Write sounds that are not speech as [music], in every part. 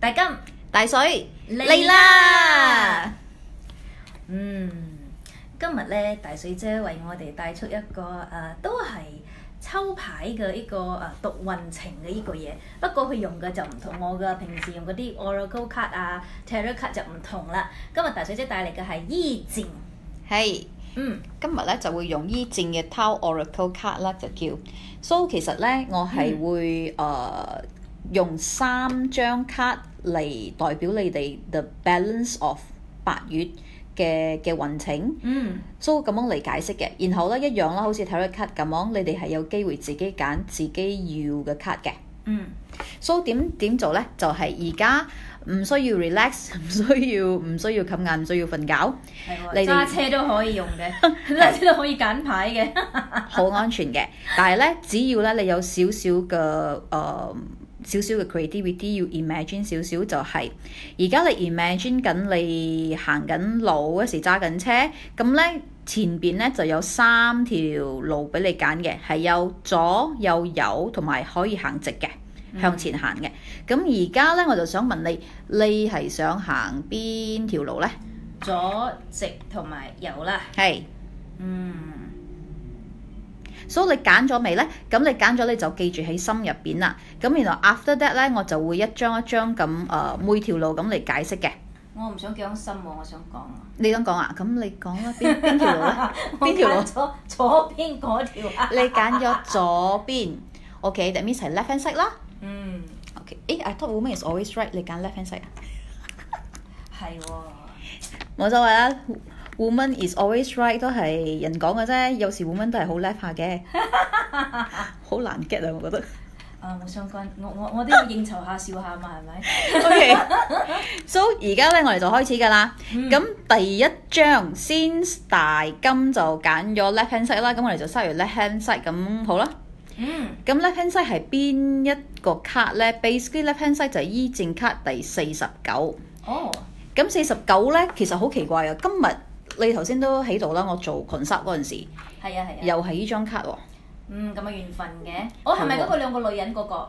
大金、大水嚟啦！了嗯，今日咧，大水姐為我哋帶出一個誒、呃，都係抽牌嘅依個誒讀運程嘅依個嘢。不過佢用嘅就唔同我嘅平時用嗰啲 Oracle card 啊、Tarot card 就唔同啦。今日大水姐帶嚟嘅係易經，係 Hey, 嗯，今日咧就會用易經嘅 Tao Oracle card 啦，就叫，So, 其實咧我係會誒。嗯 uh, 用三張卡嚟代表你哋 The balance of 八月嘅嘅運程，嗯，都咁樣嚟解釋嘅。然後咧一樣啦，好似睇啲卡咁樣，你哋係有機會自己揀自己要嘅卡嘅。嗯、mm. so,，所以點點做咧？就係而家唔需要 relax，唔需要唔需要冚眼，唔需要瞓覺。的你揸們車都可以用嘅，揸 [laughs] 的車都可以揀牌嘅，好 [laughs] 安全嘅。但係咧，只要咧你有少少嘅誒。呃少少嘅 creativity 要 imagine 少少就係、是，而家你 imagine 緊你行緊路嗰時揸緊車，咁咧前邊咧就有三條路俾你揀嘅，係有左、有右、右同埋可以行直嘅向前行嘅。咁而家咧我就想問你，你係想行邊條路咧？左、直同埋右啦。係是。嗯。所以你揀咗未咧？咁你揀咗你就記住喺心入邊啦。咁然後 after that 咧，我就會一張一張咁誒每條路咁嚟解釋嘅。我唔想記喺心喎，我想講。你咁講啊？咁你講咗邊邊條路咧？邊條路左左邊嗰條。你揀咗左邊，OK，that means 係 left hand side 啦。嗯。OK，誒，I thought woman is always right，你揀 left hand side。係喎。冇所謂啦。Woman is always right 都係人講嘅啫，有時 woman 都係好叻下嘅，好難 get 啊！我覺得。誒，我相信我我我都要應酬下笑下嘛，係咪？O.K. So 而家咧，我哋就開始㗎啦。咁第一張先大金就揀咗 left hand side 啦。咁我哋就嘥完 left hand side，咁好啦。嗯。咁 left hand side 係邊一個 card 咧？Basically, left hand side 就係易經卡第四十九。哦。咁四十九咧，其實好奇怪啊！今日你頭先都喺度啦，我做群殺嗰陣時，係啊係啊，啊又係呢張卡喎，哦。嗯，咁啊緣分嘅，我係咪嗰個兩個女人嗰、嗰個？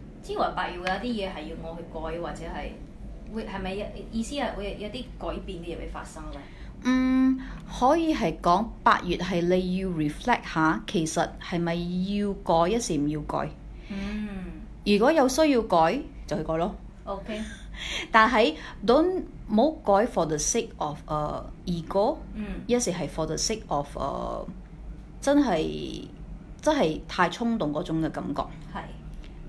之話八月有啲嘢係要我去改，或者係會係咪有意思係會有啲改變嘅嘢會發生咧？嗯，可以係講八月係你要 reflect 下，其實係咪要改一時唔要改？要改嗯。如果有需要改，就去改咯。OK [laughs] 但。但係 don't 冇改 for the sake of 誒 ego 嗯。一時係 for the sake of 誒、uh, 真係真係太衝動嗰種嘅感覺。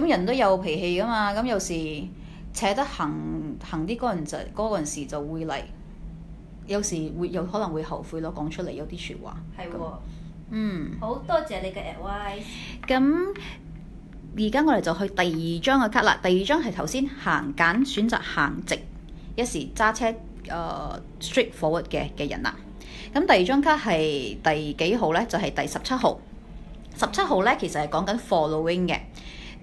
咁人都有脾氣噶嘛，咁有時扯得行行啲，嗰陣就嗰陣時就會嚟。有時會有可能會後悔咯，講出嚟有啲説話。係喎的，嗯，好多謝你嘅 advice。咁而家我哋就去第二張嘅卡啦。第二張係頭先行緊選擇行直，一時揸車誒 straight forward 嘅嘅人啦。咁第二張卡係第幾號咧？就係、是、第十七號。十七號咧，其實係講緊 following 嘅。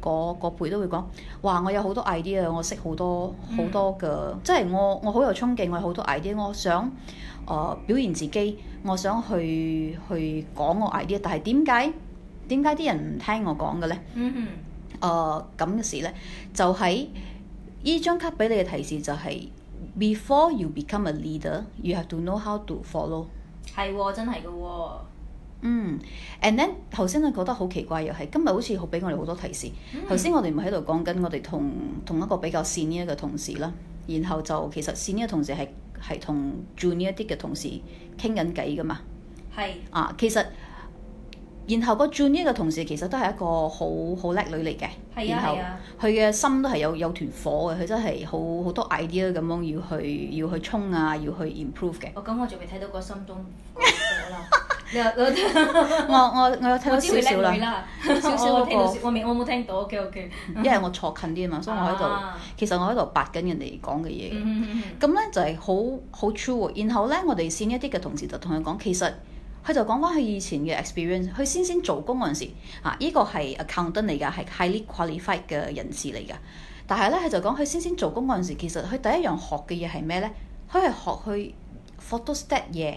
個個輩都會講，話我有好多 idea，我識好多好多嘅，mm hmm. 即係我我好有衝勁，我有好多 idea，我想誒、呃、表現自己，我想去去講我 idea，但係點解點解啲人唔聽我講嘅咧？誒咁嘅事咧，就喺、是、依張卡俾你嘅提示就係、是 mm hmm.，before you become a leader，you have to know how to follow。係喎，真係㗎喎。嗯、mm.，and then，頭先你覺得好奇怪又係，今日好似俾我哋好多提示。頭先、mm. 我哋唔係喺度講緊我哋同同一個比較 senior 呢一個同事啦，然後就其實 senior 呢個同事係係同 junior 呢一啲嘅同事傾緊偈噶嘛。係是。啊，其實，然後個 junior 呢個同事其實都係一個好好叻女嚟嘅，啊、然後佢嘅、啊、心都係有有團火嘅，佢真係好好多 idea 咁樣要去要去衝啊，要去 improve 嘅。哦，咁我仲未睇到個心中。 [laughs] 我我我有聽到少 [laughs] 少啦、那個， [laughs] 少少我我冇聽到。OK OK，因 [laughs] 為我坐近啲啊嘛，所以我喺度。其實我喺度扒緊人哋講嘅嘢。咁咧就係好好 true。然後咧，我哋 senior 一啲嘅同事就同佢講，其實佢就講翻佢以前嘅 experience。佢先先做工嗰陣時，呢依個係 accountant 嚟㗎，係 highly qualified 嘅人士嚟㗎。但係咧，佢就講佢先先做工嗰陣時，其實佢第一樣學嘅嘢係咩咧？佢係學去 photostat 嘢。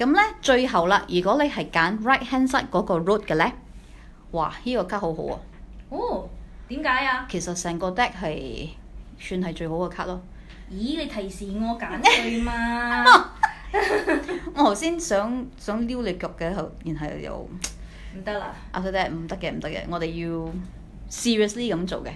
咁咧，最後啦，如果你係揀 right hand side 嗰個 root 嘅咧，哇！呢、呢個卡好好啊。哦，點解啊？其實成個 deck 係算係最好嘅卡咯。咦？你提示我揀對嘛？ [laughs] [laughs] 我頭先想想撩你腳嘅，然後又唔得啦。啊！After that，唔得嘅，唔得嘅，我哋要 seriously 咁做嘅。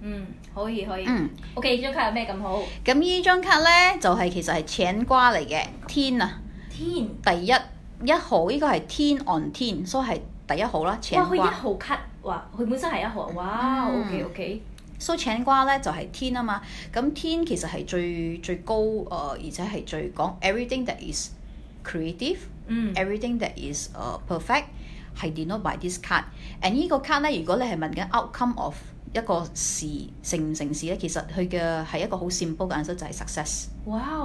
嗯，可以可以。嗯。O.K.，呢張卡有咩咁好？咁呢張卡咧，就係、是、其實係青瓜嚟嘅天啊！天第一一號呢、這個係天 on 天，所以係第一號啦，請佢一號 card 話佢本身係一號哇、嗯、ok ok k 所以乾卦咧就係、是、天啊嘛。咁天其實係最最高誒、呃、而且係最講、呃、everything that is creative、嗯、everything that is、呃、perfect 係 defined by this card and this card 呢個 card 咧，如果你係問緊 outcome of 一個事成唔成事咧，其實佢嘅係一個好 simple 嘅答案就係、是、success 哇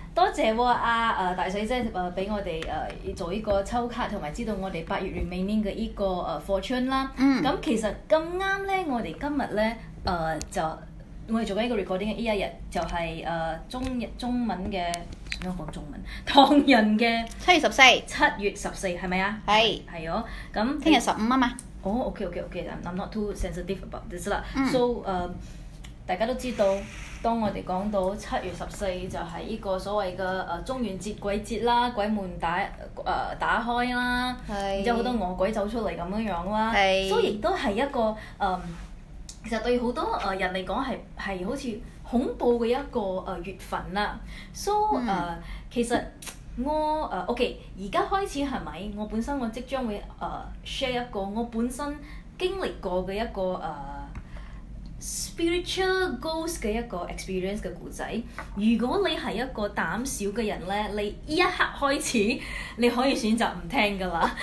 多謝喎阿誒大水姐誒俾、呃、我哋誒、呃、做呢個抽卡同埋知道我哋八月 remaining 嘅呢個誒 forecast 啦。咁、嗯啊、其實咁啱咧，我哋今日咧誒就我哋做緊一個 recording 呢一日就係、是、誒、呃、中日中文嘅點樣講中文唐人嘅七月十四七月十四係咪啊？係係是哦。咁聽日十五啊嘛。哦，OK OK OK，I'm、okay, not too sensitive about this 啦了。嗯、so 誒、uh,。大家都知道，當我哋講到七月十四就係呢個所謂嘅誒中元節鬼節啦，鬼門打誒、呃、打開啦，然之後好多惡鬼走出嚟咁樣樣啦，是所以亦都係一個誒、嗯，其實對好多誒人嚟講係係好似恐怖嘅一個誒月份啦。所以誒、嗯呃，其實我誒、呃、OK，而家開始係咪？我本身我即將會誒、呃、share 一個我本身經歷過嘅一個誒，呃 spiritual ghost 嘅一個 experience 嘅故仔，如果你係一個膽小嘅人咧，你依一刻開始你可以選擇唔聽㗎啦。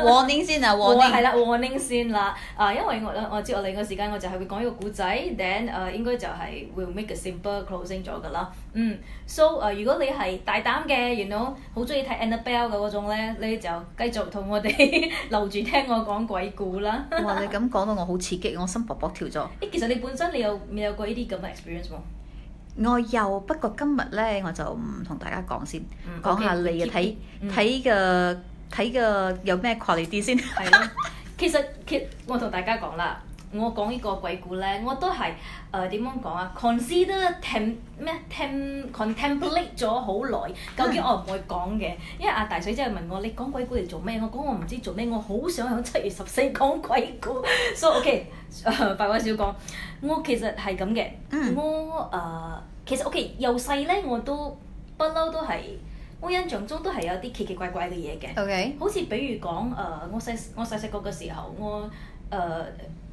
Warning 先啊，warning 係啦，warning 先啦。啊，因為我我知我另一個時間，我就係會講呢個故仔，then 啊應該就係會 make a simple closing 咗㗎啦。嗯，so 誒、uh，如果你係大膽嘅，原 you 來 know, 好中意睇 Annabelle 嘅嗰種咧，你就繼續同我哋 [laughs] 留住聽我講鬼故啦。 [laughs] 哇！你咁講到我好刺激，我心卜卜跳咗。誒、欸，其實你本身你有未有過呢啲咁嘅 experience？我有，不過今日咧，我就唔同大家講先，講、嗯 okay, 下你嘅睇睇嘅睇嘅有咩 quality 啲先。係 [laughs] 咯，其實，其實，其實我同大家講啦。我講呢個鬼故咧，我都係誒點樣講啊？consider tem 咩 tem contemplate 咗好耐，究竟我唔會講嘅。因為阿大水姐係問我：你講鬼故嚟做咩？我講我唔知做咩，我好想響七月十四講鬼故。所、so, 以 OK，、呃、白話少講。我其實係咁嘅，mm. 我誒、呃、其實 OK，由細咧我都不嬲都係，我印象中都係有啲奇奇怪怪嘅嘢嘅。OK，好似比如講誒、呃，我細我細細個嘅時候，我誒。呃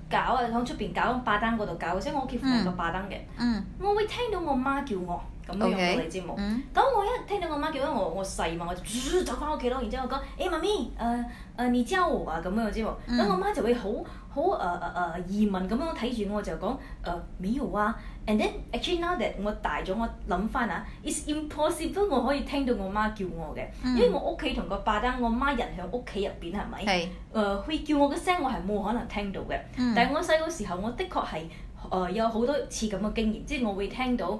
搞啊，響出邊搞，啊，霸燈嗰度搞，所以我屋企附近有個霸燈嘅，嗯、我會聽到我媽叫我。咁樣我哋之嘛，咁 Okay .、mm. 我一聽到我媽叫緊我，我細嘛，我就咻咻咻走翻屋企咯。然之後我講：誒，媽咪，誒誒，你知我啊，咁樣之嘛。咁、mm. 我媽就會好好誒誒疑問咁樣睇住我就，就講誒，冇嘢啊。And then actually now that 我大咗，我諗翻啊，it's impossible 我可以聽到我媽叫我嘅，mm. 因為我屋企同個爸單，我媽人喺屋企入邊，係咪？誒是，會、uh, 叫我嘅聲，我係冇可能聽到嘅。Mm. 但係我細個時候，我的確係誒有好多次咁嘅經驗，即係我會聽到。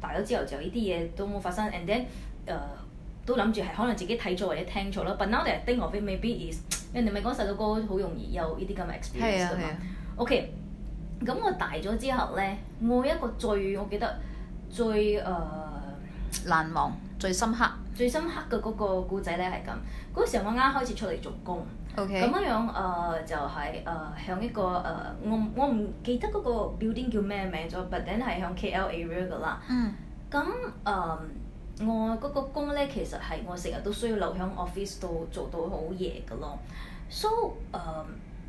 大咗之後就呢啲嘢都冇發生，and then，誒、uh, 都諗住係可能自己睇錯或者聽錯啦。But now that I think of it maybe it is，人哋咪講細路哥好容易有呢啲咁嘅 experience 㗎嘛、啊。啊、OK，咁我大咗之後咧，我一個最我記得最誒、uh, 難忘、最深刻、最深刻嘅嗰個故仔咧係咁，嗰、那個、時候我啱開始出嚟做工。咁 Okay. 樣樣誒、uh, 就係、是、誒、uh, 向一個誒、uh, 我我唔記得嗰個 building 叫咩名咗，but then 係向 KL area 嘅啦。嗯、mm.。咁、uh, 誒我嗰個工咧，其實係我成日都需要留喺 office 度做到好夜嘅咯。So 誒、uh,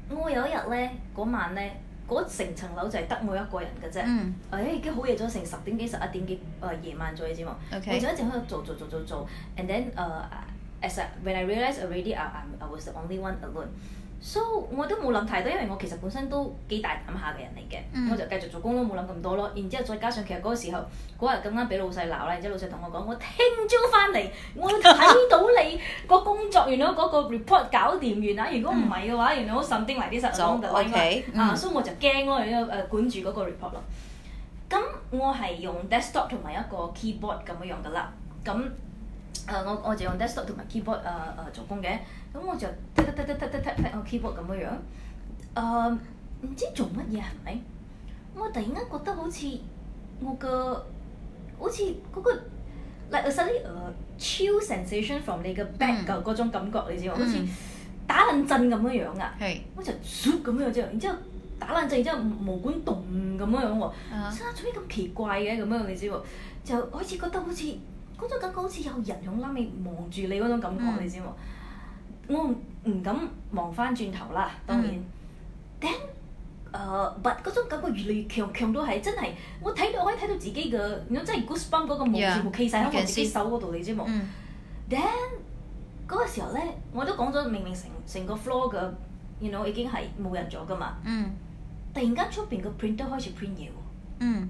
我有一日咧，嗰晚咧，嗰成層樓就係得我一個人嘅啫。嗯、mm. 哎。已經好夜咗，成十點幾十一點幾誒、呃、夜晚在㗎啫嘛。Okay. 我就一直喺度做做做做做，做，做，做，做，and then 誒、uh,。When I realised already, I I was the only one alone. So 我都冇諗太多，因為我其實本身都幾大膽下嘅人嚟嘅，我就繼續做工都冇諗咁多咯。然之後再加上其實嗰個時候嗰日咁啱俾老細鬧啦，然之後老細同我講：我聽朝翻嚟，我睇到你個工作完咗嗰個 report 搞掂完啦。如果唔係嘅話，原來好甚啲埋啲實錄度啦啊！所以我就驚咯，要 ower heart 管住嗰個 report 咯。咁我係用 desktop 同埋一個 keyboard 咁樣樣噶啦。咁誒我我就用 desktop 同埋 keyboard 誒誒做工嘅，咁我就 tick tick tick tick tick tick 我 keyboard 咁樣樣，誒唔知做乜嘢係咪？我突然間覺得好似我個好似嗰個 like a sort of chill sensation from 你嘅 back 嘅嗰種感覺你知喎，好似打冷震咁樣樣啊，我就唰咁樣樣之後，然之後打冷震之後毛管動咁樣樣喎，做咩咁奇怪嘅咁樣你知喎，就開始覺得好似～嗰種感覺好似有人用拉面望住你嗰種感覺，mm. 你知冇？我唔敢望翻轉頭啦，當然。Mm. then，誒、uh,，but 嗰種感覺越嚟越強，強到係真係我睇，我可以睇到自己嘅，你真係 goosebump 嗰個毛全部企晒喺我自己手嗰度，can 你知冇 then, 嗰個時候咧，我都講咗明明成成個 floor 嘅，你 you know, 已經係冇人咗㗎嘛。Mm. 突然間出邊個 printer 都開始 print 嘢喎。嗯。Mm. Mm.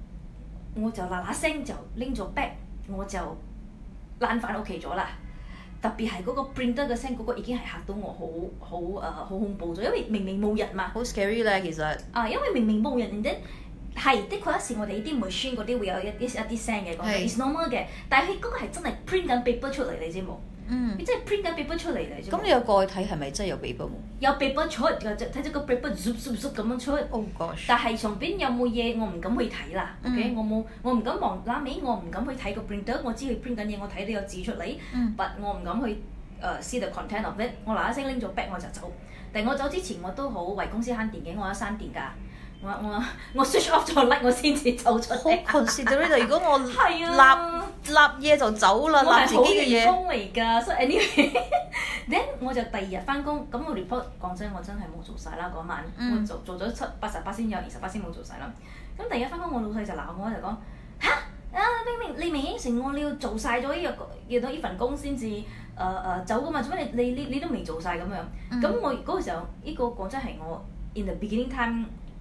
我就嗱嗱聲就拎咗包，我就攤翻屋企咗啦。特別係嗰個 print 得嘅聲，嗰個已經係嚇到我好好誒好、呃、恐怖咗，因為明明冇人嘛。好 scary 咧其實。啊，因為明明冇人，然之後係的確一時我哋呢啲 m a c h 梅酸嗰啲會有一啲一啲聲嘅，講係い is normal 嘅，但係嗰個係真係 print 緊 paper 出嚟，你知冇？嗯，你真係 print 緊 paper 出嚟嚟咧，咁你有過去睇係咪真係有 paper 冇？有 paper 出，就睇只個 paper zoom zoom zoom 咁樣出。o、oh, gosh. 但係上邊有冇嘢，我唔敢去睇啦。嗯、o、okay? K，我冇，我唔敢望拉尾，我唔敢去睇個 printer。我知佢 print 緊嘢，我睇到有字出嚟，嗯、but 我唔敢去誒、uh, see the content of it。我嗱一聲拎咗 back 我就走，但我走之前我都好為公司慳電，我一閂電㗎。我我我 switch 咗 light，我先至走出嚟。好，羣蝕咗呢度。如果我立立嘢就走啦，立自己嘅嘢。我係好嘅工嚟㗎，所以 anyway，then 我就第二日翻工，咁我 report 講真，我真係冇做曬啦嗰晚，我做做咗七八十八先有，二十八先冇做曬啦。咁第二日翻工，我老細就鬧我就講嚇啊！明明你明明應承我你要做曬咗呢個要到呢份工先至誒誒走噶嘛？做乜你你你你都未做曬咁樣？咁我嗰個時候呢個講真係我 in the beginning time。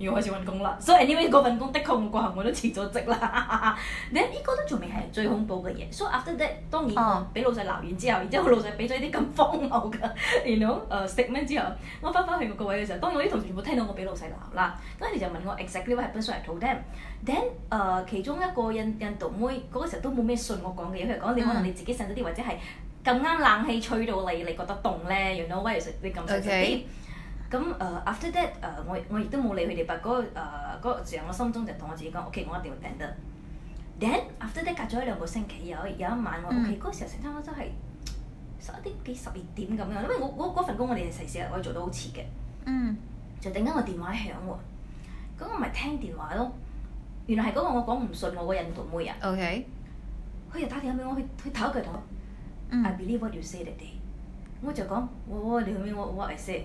要開始揾工啦，所以呢位嗰份工的確我嗰下我都辭咗職啦。 [laughs] Then 呢個都仲未係最恐怖嘅嘢，so after that 當然我俾、uh. 老細鬧完之後，然之後老細俾咗啲咁荒謬嘅，you know，誒食咩之後，我翻返去個位嘅時候，當然我啲同事全部聽到我俾老細鬧啦，跟住就問我 exactly what happened, so I told them.then then、uh, 誒其中一個印印度妹嗰、嗰個時候都冇咩信我講嘅嘢，佢講，你可能你自己信咗啲或者係咁啱冷氣吹到你，你覺得凍咧，you know why？你咁食食啲。咁誒，after that 誒，我我亦都冇理佢哋，但嗰個誒嗰個在我心中就同我自己講：OK，我一定要訂得。then after that 隔咗一兩個星期，有有一晚我 OK 嗰時候，成餐我真係十一點幾十二點咁樣，因為我嗰份工我哋成時可以做到好遲嘅。嗯。就突然間個電話響喎，咁我咪聽電話咯。原來係嗰個我講唔信我個印度妹啊。OK。佢又打電話俾我去去 talk 佢。I believe what you say today。我就講我我 what I say。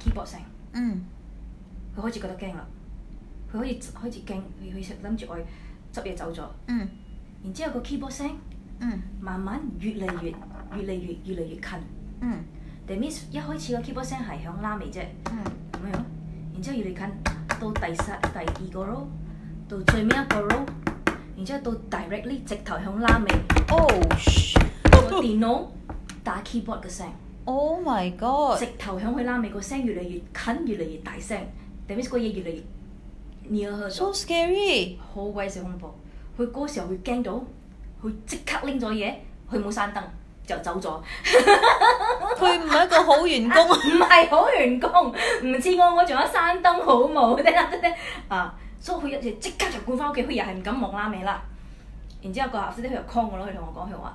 keyboard 聲，嗯，佢開始覺得驚啦，佢開始開始驚，佢佢諗住去執嘢走咗，嗯，mm. 然之後個 keyboard 聲，嗯，慢慢越嚟越，mm. 越，越，越嚟越，越嚟越近，嗯 the miss 一開始個 keyboard 聲係響拉尾啫，嗯，咁樣，然之後越嚟近，到第十第二個 row 到最尾一個 row 然之後到 directly 直頭響拉尾哦，個電腦打 keyboard 嘅聲。Oh my god！直頭響佢拉尾個聲越嚟越近，越嚟越大聲。點解個嘢越嚟越 near So scary！好鬼死恐怖。佢嗰時候佢驚到，佢即刻拎咗嘢，佢冇閂燈就走咗。佢唔係一個好員工。唔係、 [laughs] 啊、好員工，唔知我我仲有閂燈好冇？喋喋喋啊！所以佢一陣即刻就搬翻屋企，佢又係唔敢望拉尾啦。然之後個合夥人佢又 call 我咯，佢同我講佢話。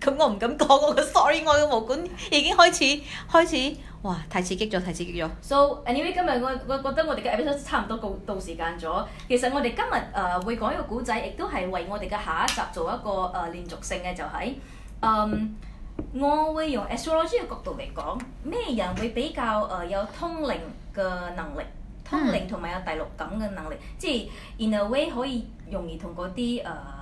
咁我唔敢講，我個 sorry，我嘅毛管已經開始開始，哇！太刺激咗，太刺激咗。So anyway，今日我我覺得我哋嘅 episode 差唔多到到時間咗。其實我哋今日誒、呃、會講一個古仔，亦都係為我哋嘅下一集做一個誒、呃、連續性嘅、就是，就係嗯，我會用 astrology 嘅角度嚟講咩人會比較誒、呃、有通靈嘅能力，通靈同埋有第六感嘅能力，hmm。即係 in a way 可以容易同嗰啲誒。呃